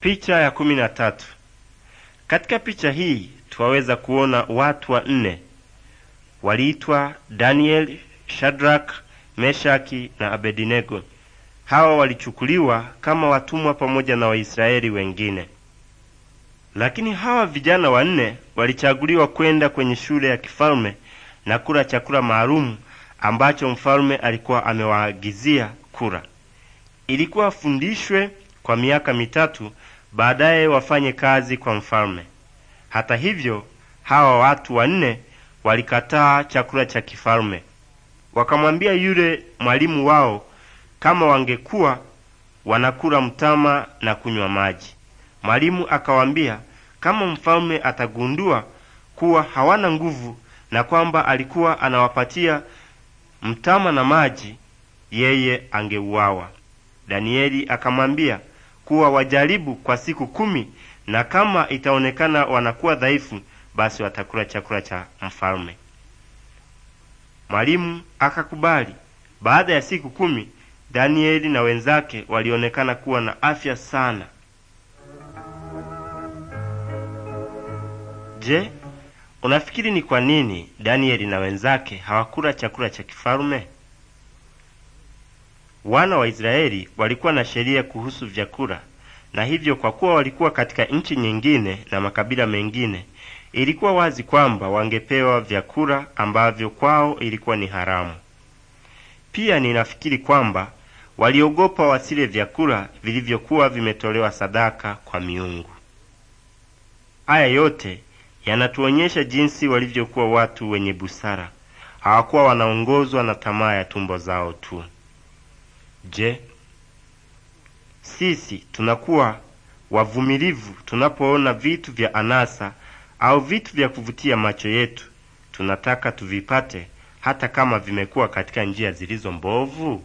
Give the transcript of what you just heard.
Picha ya kumi na tatu. Katika picha hii twaweza kuona watu wanne waliitwa daniel Shadrak, Meshaki na Abedinego. Hawa walichukuliwa kama watumwa pamoja na Waisraeli wengine, lakini hawa vijana wanne walichaguliwa kwenda kwenye shule ya kifalme na kula chakula maalumu ambacho mfalme alikuwa amewaagizia kula, ilikuwa wafundishwe kwa miaka mitatu, baadaye wafanye kazi kwa mfalme. Hata hivyo, hawa watu wanne walikataa chakula cha kifalme. Wakamwambia yule mwalimu wao kama wangekuwa wanakula mtama na kunywa maji. Mwalimu akawaambia kama mfalme atagundua kuwa hawana nguvu na kwamba alikuwa anawapatia mtama na maji, yeye angeuawa. Danieli akamwambia, kuwa wajaribu kwa siku kumi, na kama itaonekana wanakuwa dhaifu, basi watakula chakula cha mfalme. Mwalimu akakubali. Baada ya siku kumi, Danieli na wenzake walionekana kuwa na afya sana. Je, unafikiri ni kwa nini Danieli na wenzake hawakula chakula cha kifalme? Wana wa Israeli walikuwa na sheria kuhusu vyakula, na hivyo kwa kuwa walikuwa katika nchi nyingine na makabila mengine, ilikuwa wazi kwamba wangepewa vyakula ambavyo kwao ilikuwa ni haramu. Pia ninafikiri kwamba waliogopa wasile vyakula vilivyokuwa vimetolewa sadaka kwa miungu. Haya yote yanatuonyesha jinsi walivyokuwa watu wenye busara. Hawakuwa wanaongozwa na tamaa ya tumbo zao tu. Je, sisi tunakuwa wavumilivu tunapoona vitu vya anasa au vitu vya kuvutia macho yetu? Tunataka tuvipate hata kama vimekuwa katika njia zilizo mbovu.